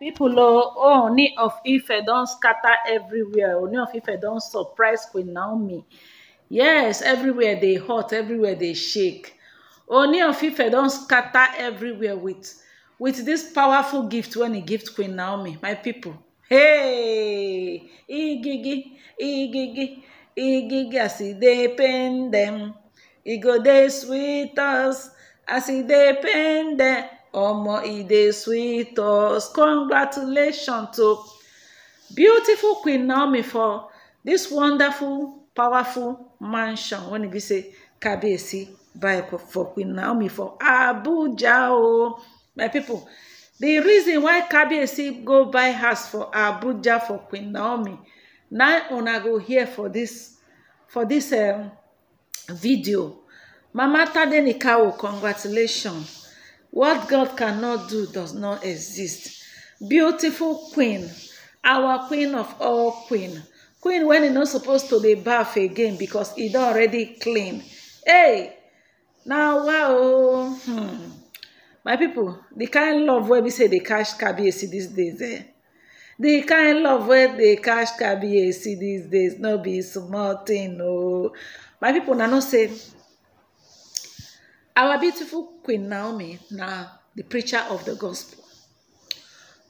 pipo oh, oh oni of ife don scatter everywhere oni of ife don surprise queen naomi yes everywhere dey hot everywhere dey shake oni of ife don scatter everywhere with with this powerful gift when he gift queen naomi my people. hey igigi igigi igigi as e dey pain dem e go dey sweet us as e dey pain dem Omo, e dey sweet Congratulations to beautiful Queen Naomi for this wonderful, powerful mansion. When it be say Kabiyesi buy for Queen Naomi for Abuja o. My people, the reason why Kabiyesi go buy house for Abuja for Queen Naomi, na una go hear for this for this um, video. Mama Tadenikawo, congratulations. What God cannot do does not exist. Beautiful queen, our queen of all queen. Queen when e not supposed to dey baff again because e don already clean. Hey! now wow! Oh, hmm. My people, the kind love wey be say dey catch Kabiyesi these days eh? The kind of love wey dey catch Kabiyesi these days no be small thing o. My people, una know say Our beautiful Queen Naomi, now the preacher of the gospel.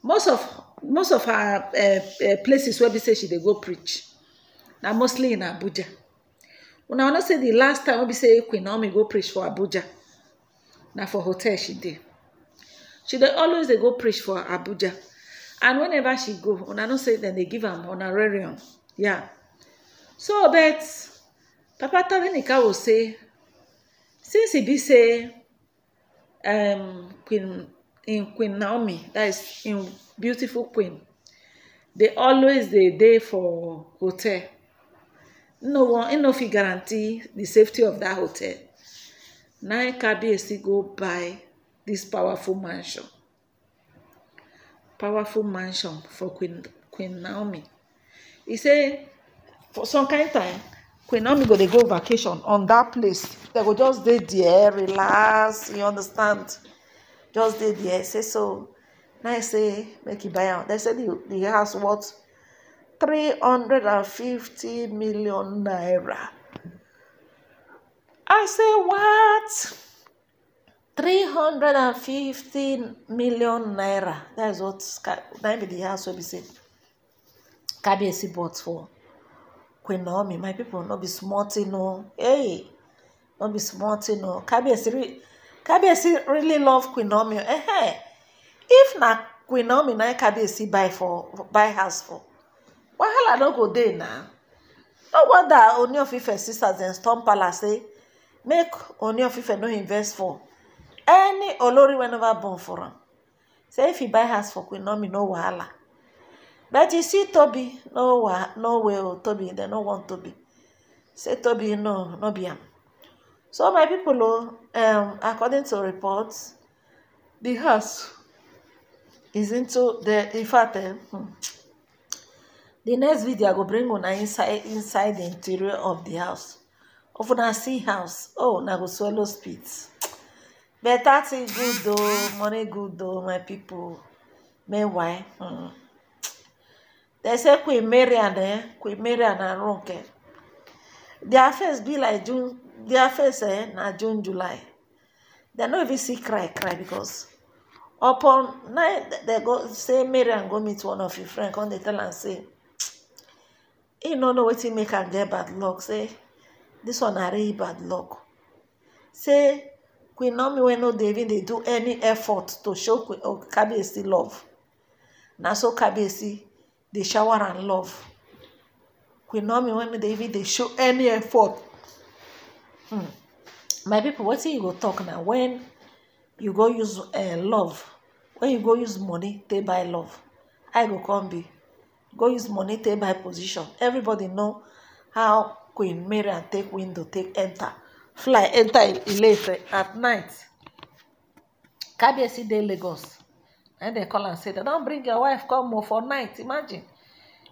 Most of most of her uh, uh, places where we say she dey go preach, na mostly in Abuja. Una know say the last time we be say Queen Naomi go preach for Abuja, na for hotel she dey. She dey always dey go preach for Abuja. And whenever she go, una know say dem dey give am honorarium. Yeah. So but Papa Tadenika will say since e be say um, Queen in Queen Naomi that is in beautiful queen dey always dey dey for hotel no one e no fit guarantee the safety of that hotel na Kabiyesi go buy this powerful mansion powerful mansion for Queen Queen Naomi e say for some kind time queen naomi go dey go vacation on that place They go just dey there relax you understand just dey there say so now I say make e buy am dem say di house worth three hundred and fifty million naira i say what three hundred and fifty million naira That is what na be the house will be said. kabiyesi bought for Kwenomi, my people, no be small thing, no. Hey, no be small thing, no. Kabiyesi re really love Kwenomi. Eh, eh. If na Kwenomi na Kabiyesi buy for buy house for, wahala no go dey na. No wonder oni of Ife sisters dem storm palace say eh? make oni of Ife no invest for any olori wey never born for am. Say if he buy house for Kwenomi, no wahala. But you see Toby, no wa, no way oh, Toby, they no want Toby. Say Toby, no, no be am. So my people, oh, um, according to reports, the house is into the in fact uh, the next video I go bring una inside inside the interior of the house. Of una see house, oh na go swallow speeds. But that's good though, money good though, my people. Meanwhile, hmm. They say Queen Marian, eh? Queen Marian and Ronke. Their face be like June, their face eh, na June, July. They no even see cry, cry because upon night they go say Marian go meet one of your friends come they tell am say, e no know wetin make am get bad luck, say dis one na really bad luck. Say Queen Naomi wey no dey even dey do any effort to show Queen oh, Kabiyesi love. Na so Kabiyesi They shower and love queen naomi wey no dey even dey show any effort hmm my people wetin you go talk na when you go use eh, love when you go use money take buy love i go come be go use money take buy position everybody know how queen marian take window take enter fly enter ilefe at night kabiyesi dey lagos and they call and say dem don bring your wife come for night imagine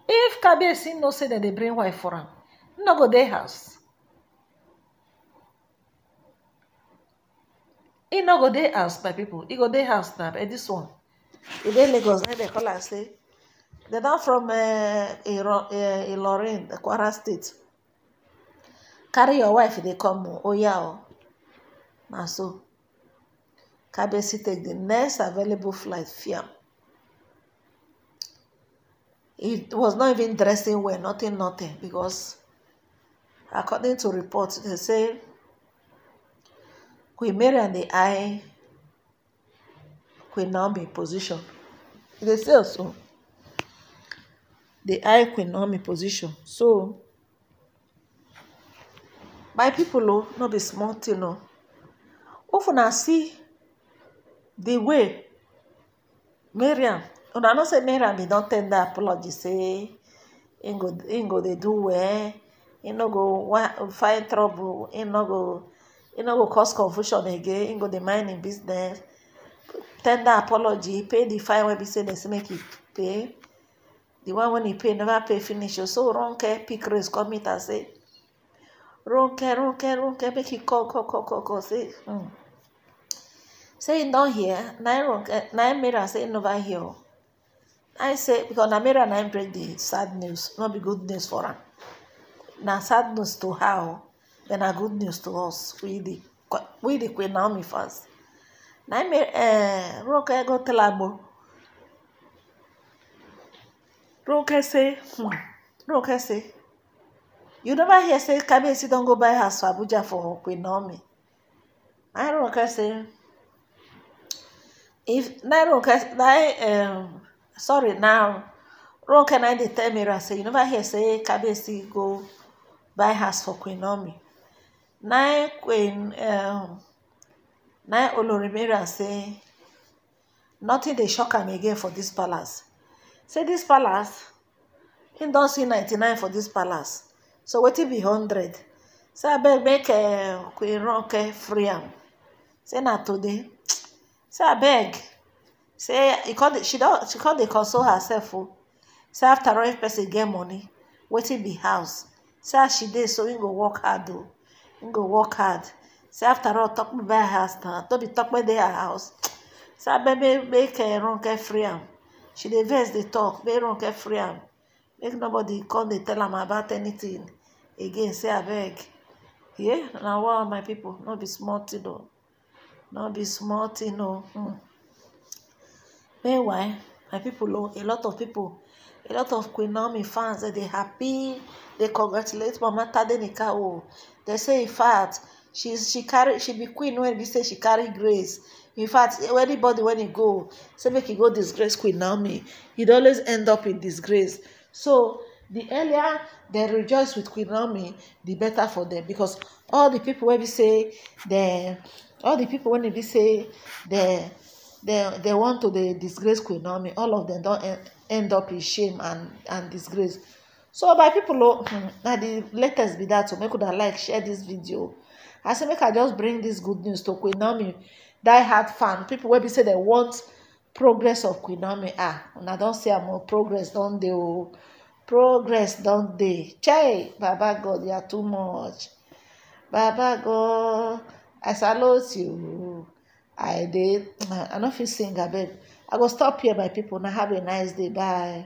if sin no say that they bring wife for him. no go their house He no go their house my people. He go their house now. but this one e dey lagos na e dem call and say dem don from eh, eh, Lorraine, the kwara state carry your wife They e come oya o oh, oh. na so Kabesi take the next available flight, Fiam. He was not even dressing well, nothing, nothing, because according to reports, they say Queen Mary and the eye Queen Naomi position. They say also the eye Queen Naomi position. So my people, oh, not be small thing, no. Oh. Often I see the way mariam una know say mariam bin don tell dat apology say im go go dey do well im no go find trouble im no go no go cause confusion again im go dey mind im business tender apology pay the fine wey be say dem make e pay The one wey e pay never pay finish o oh, so ronke pick race come meet am say ronke ronke ronke make e call call call call say hmm say e don hear na im mary say im never hear i say because na mary na im break di sad news not be good news for her. na sad news to her o oh. a good news to us we the queen naomi first. na im eh, ronke eh, go tell am o eh, say ronke say you never hear say kabiyesi don't go buy her swabuja for queen naomi i ronke say if na ronke na um, sorry now ronke na dey tell mira say you never hear say kabesi go buy house for queen naomi na queen um, na olori say nothing dey shock am again for dis palace say dis palace im don see ninety-nine for dis palace so wetin be hundred say abeg make uh, queen ronke eh, free am say na today say abeg say she she con dey console herself o oh. say after all if person get money wetin be house say as she dey so im go work hard o oh. im go work hard say after all tope buy house na no be tope dey her house say abeg make ronke eh, free am she dey vex dey talk make ronke free am make nobody come dey tell am about anything again say abeg yeah na one of my people no be small thing o oh no be small thing o hmm. meanwhile my people o a lot of people a lot of Queen Naomi fans dey eh, happy dey congratulate Mama Tadenika o oh. dey say in fact she she carry she be queen wey be say she carry grace in fact anybody when e go say make e go disgrace Queen Naomi e dey always end up in disgrace so the earlier dem rejoice with Queen Naomi the better for them because all the people wey be say dem all the people wey e be say they they want to dey disgrace queen all of them don end up in shame and and disgrace so my people o hmm, na the latest be that o make una like share this video i say make i just bring this good news to queen die hard fan people wey be say they want progress of queen ah una don see am progress don dey o progress don dey chai baba god you are too much baba god i salute you i did. i no fit sing abeg i go stop here my people Now have a nice day bye